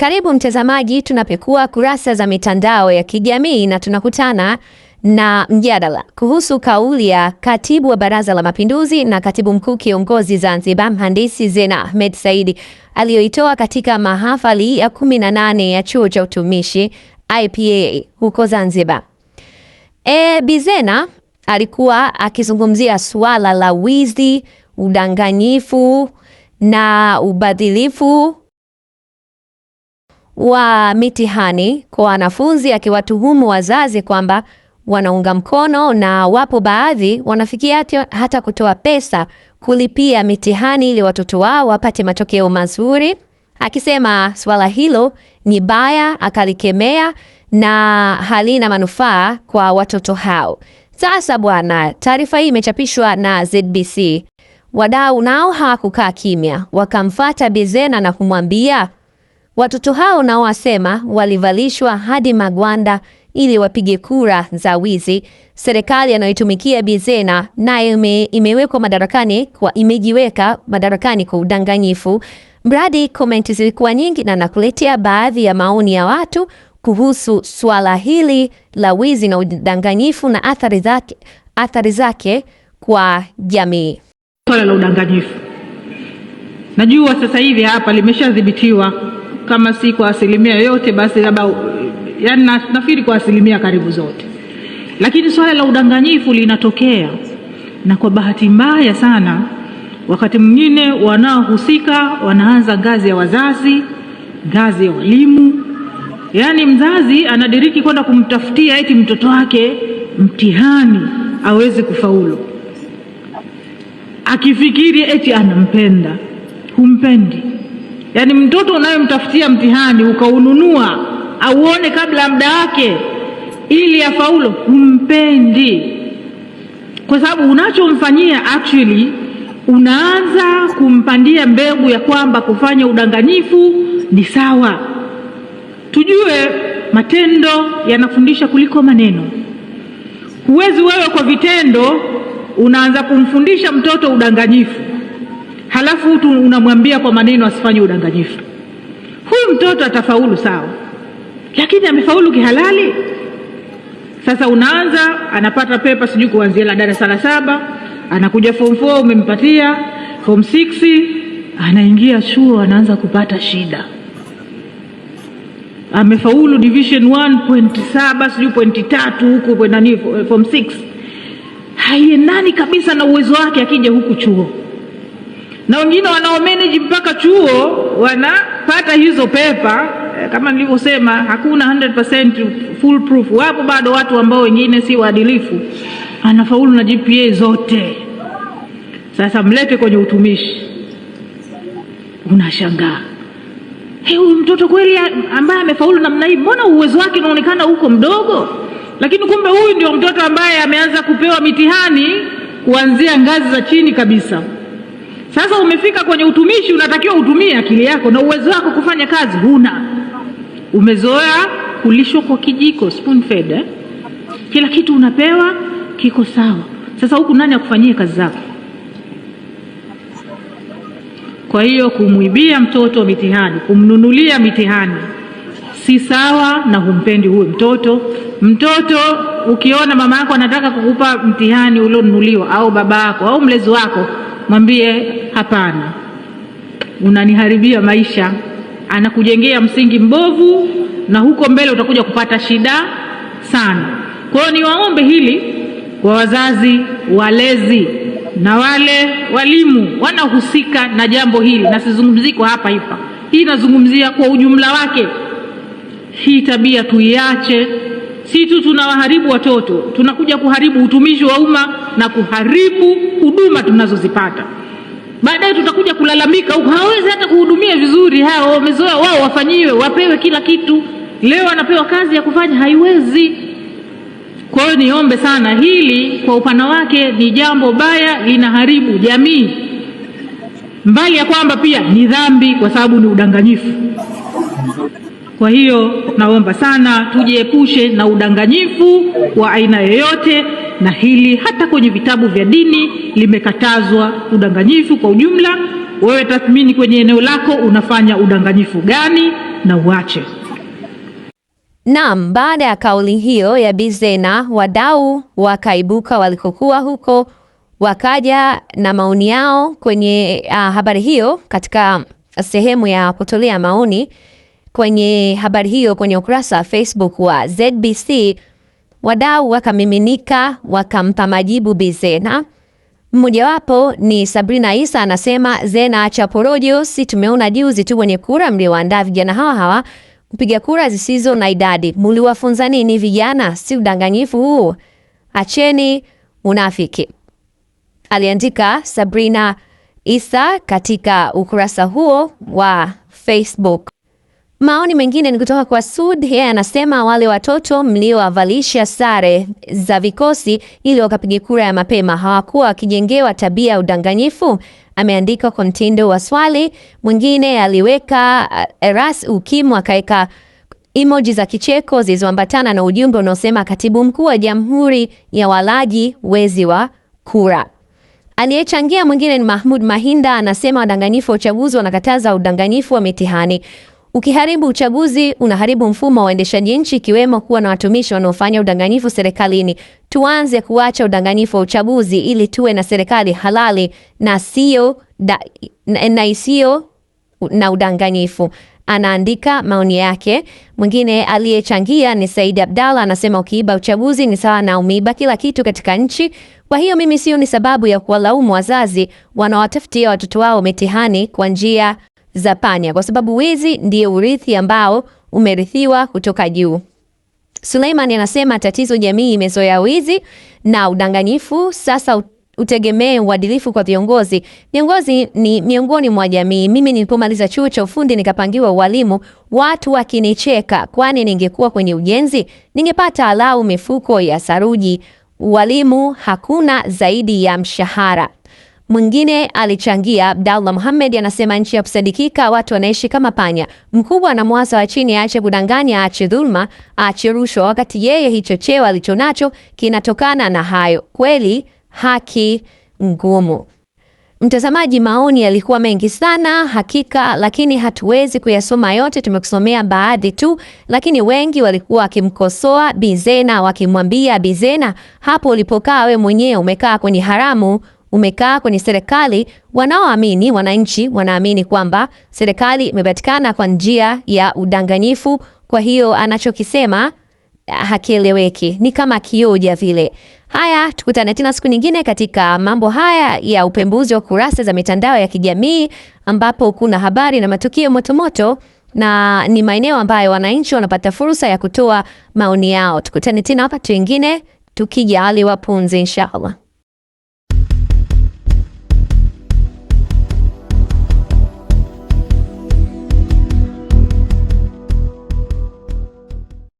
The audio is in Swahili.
Karibu mtazamaji, tunapekua kurasa za mitandao ya kijamii na tunakutana na mjadala kuhusu kauli ya katibu wa Baraza la Mapinduzi na katibu mkuu kiongozi Zanzibar, Mhandisi Zena Ahmed Saidi aliyoitoa katika mahafali ya 18 ya chuo cha utumishi IPA huko Zanzibar. E, Bizena alikuwa akizungumzia suala la wizi, udanganyifu na ubadhilifu wa mitihani kwa wanafunzi akiwatuhumu wazazi kwamba wanaunga mkono na wapo baadhi wanafikia hata kutoa pesa kulipia mitihani ili watoto wao wapate matokeo mazuri, akisema swala hilo ni baya, akalikemea na halina manufaa kwa watoto hao. Sasa bwana, taarifa hii imechapishwa na ZBC. Wadau nao hawakukaa kimya, wakamfata Bizena na kumwambia Watoto hao nao wasema walivalishwa hadi magwanda ili wapige kura za wizi. Serikali anayoitumikia bizena nayo ime, imewekwa madarakani kwa imejiweka madarakani kwa udanganyifu. Mradi komenti zilikuwa nyingi, na nakuletea baadhi ya maoni ya watu kuhusu swala hili la wizi na udanganyifu na athari zake, athari zake kwa jamii. Swala la udanganyifu najua sasa hivi hapa limeshadhibitiwa kama si kwa asilimia yote basi labda yaani, nafikiri kwa asilimia karibu zote. Lakini swala la udanganyifu linatokea, na kwa bahati mbaya sana wakati mwingine wanaohusika wanaanza ngazi ya wazazi, ngazi ya walimu. Yaani mzazi anadiriki kwenda kumtafutia eti mtoto wake mtihani aweze kufaulu, akifikiri eti anampenda. Humpendi. Yaani mtoto unayemtafutia mtihani ukaununua auone kabla ya muda wake ili afaulu, humpendi kwa sababu unachomfanyia actually unaanza kumpandia mbegu ya kwamba kufanya udanganyifu ni sawa. Tujue matendo yanafundisha kuliko maneno. Huwezi wewe kwa vitendo unaanza kumfundisha mtoto udanganyifu halafu tu unamwambia kwa maneno asifanye udanganyifu. Huyu mtoto atafaulu sawa, lakini amefaulu kihalali? Sasa unaanza anapata pepa, sijui kuanzia la darasa la saba, anakuja form 4 umempatia form 6, anaingia chuo, anaanza kupata shida. Amefaulu division 1.7 sijui pointi tatu huku nani form 6, haiendani kabisa na uwezo wake akija huku chuo na wengine wanaomanage mpaka chuo wanapata hizo pepa. Eh, kama nilivyosema, hakuna 100% full proof. Wapo bado watu ambao wengine si waadilifu, anafaulu na GPA zote. Sasa mlete kwenye utumishi, unashangaa huyu mtoto kweli ambaye amefaulu namna hii, mbona uwezo wake unaonekana huko mdogo? Lakini kumbe huyu ndio mtoto ambaye ameanza kupewa mitihani kuanzia ngazi za chini kabisa. Sasa umefika kwenye utumishi, unatakiwa utumie akili yako na uwezo wako kufanya kazi huna. Umezoea kulishwa kwa kijiko spoon fed, eh? Kila kitu unapewa kiko sawa. Sasa huku nani akufanyie kazi zako? Kwa hiyo kumwibia mtoto mitihani, kumnunulia mitihani si sawa, na humpendi huwe mtoto. Mtoto ukiona mama yako anataka kukupa mtihani ulionunuliwa au baba yako au mlezi wako mwambie hapana, unaniharibia maisha, anakujengea msingi mbovu, na huko mbele utakuja kupata shida sana. Kwa hiyo niwaombe hili kwa wazazi, walezi na wale walimu wanahusika na jambo hili, na sizungumzii kwa hapa hapa, hii nazungumzia kwa ujumla wake. Hii tabia tuiache. Si tu tunawaharibu watoto, tunakuja kuharibu utumishi wa umma na kuharibu huduma tunazozipata. Baadaye tutakuja kulalamika, hawawezi hata kuhudumia vizuri, hao wamezoea wao wafanyiwe, wapewe kila kitu. Leo anapewa kazi ya kufanya, haiwezi. Kwa hiyo niombe sana hili, kwa upana wake ni jambo baya, linaharibu jamii, mbali ya kwamba pia ni dhambi, kwa sababu ni udanganyifu. Kwa hiyo naomba sana tujiepushe na udanganyifu wa aina yoyote, na hili hata kwenye vitabu vya dini limekatazwa udanganyifu kwa ujumla. Wewe tathmini kwenye eneo lako unafanya udanganyifu gani na uache. Naam, baada ya kauli hiyo ya Bi Zena, wadau wakaibuka walikokuwa huko, wakaja na maoni yao kwenye uh, habari hiyo katika sehemu ya kutolea maoni kwenye habari hiyo kwenye ukurasa wa Facebook wa ZBC, wadau wakamiminika wakampa majibu Bi Zena. Mmojawapo ni Sabrina Isa anasema, Zena acha porojo, si tumeona juzi tu kwenye kura mlioandaa vijana hawa hawa kupiga kura zisizo na idadi. Mliwafunza nini vijana? Si udanganyifu huu, acheni unafiki, aliandika Sabrina Isa katika ukurasa huo wa Facebook. Maoni mengine ni kutoka kwa Sud. Yeye anasema wale watoto mliowavalisha sare za vikosi ili wakapige kura ya mapema hawakuwa wakijengewa tabia ya udanganyifu. Ameandika kwa mtindo wa swali. Mwingine aliweka uh, Eras Ukimu akaweka emoji za kicheko zilizoambatana na ujumbe unaosema katibu mkuu wa Jamhuri ya walaji wezi wa kura. Aliyechangia mwingine ni Mahmud Mahinda, anasema wadanganyifu wa uchaguzi wanakataza udanganyifu wa mitihani. Ukiharibu uchaguzi unaharibu mfumo wa uendeshaji nchi, ikiwemo kuwa na watumishi wanaofanya udanganyifu serikalini. Tuanze kuacha udanganyifu wa uchaguzi ili tuwe na serikali halali na sio na, na isiyo na udanganyifu. Anaandika maoni yake. Mwingine aliyechangia ni Said Abdalla, anasema ukiiba uchaguzi ni sawa na umeiba kila kitu katika nchi. Kwa hiyo mimi sio ni sababu ya kuwalaumu wazazi wanaowatafutia watoto wao mitihani kwa njia za panya, kwa sababu wizi ndiye urithi ambao umerithiwa kutoka juu. Suleiman anasema tatizo, jamii imezoea wizi na udanganyifu, sasa utegemee uadilifu kwa viongozi. Viongozi ni miongoni mwa jamii. Mimi nilipomaliza chuo cha ufundi nikapangiwa ualimu, watu wakinicheka, kwani ningekuwa kwenye ujenzi ningepata alau mifuko ya saruji. Ualimu hakuna zaidi ya mshahara. Mwingine alichangia. Abdallah Muhamed anasema nchi ya kusadikika, watu wanaishi kama panya. Mkubwa na mwasa wa chini aache kudanganya, aache dhulma, aache rushwa, wakati yeye hicho cheo alichonacho kinatokana na hayo. Kweli haki ngumu. Mtazamaji, maoni yalikuwa mengi sana hakika, lakini hatuwezi kuyasoma yote. Tumekusomea baadhi tu, lakini wengi walikuwa wakimkosoa Bizena, wakimwambia Bizena, hapo ulipokaa we mwenyewe umekaa kwenye haramu umekaa kwenye serikali. Wanaoamini, wananchi wanaamini kwamba serikali imepatikana kwa njia ya udanganyifu. Kwa hiyo anachokisema hakieleweki, ni kama kioja vile. Haya, tukutane tena siku nyingine katika mambo haya ya upembuzi wa kurasa za mitandao ya kijamii ambapo kuna habari na matukio motomoto na ni maeneo ambayo wananchi wanapata fursa ya kutoa maoni yao. Tukutane tena wakati wengine tukijaliwa punzi, inshallah.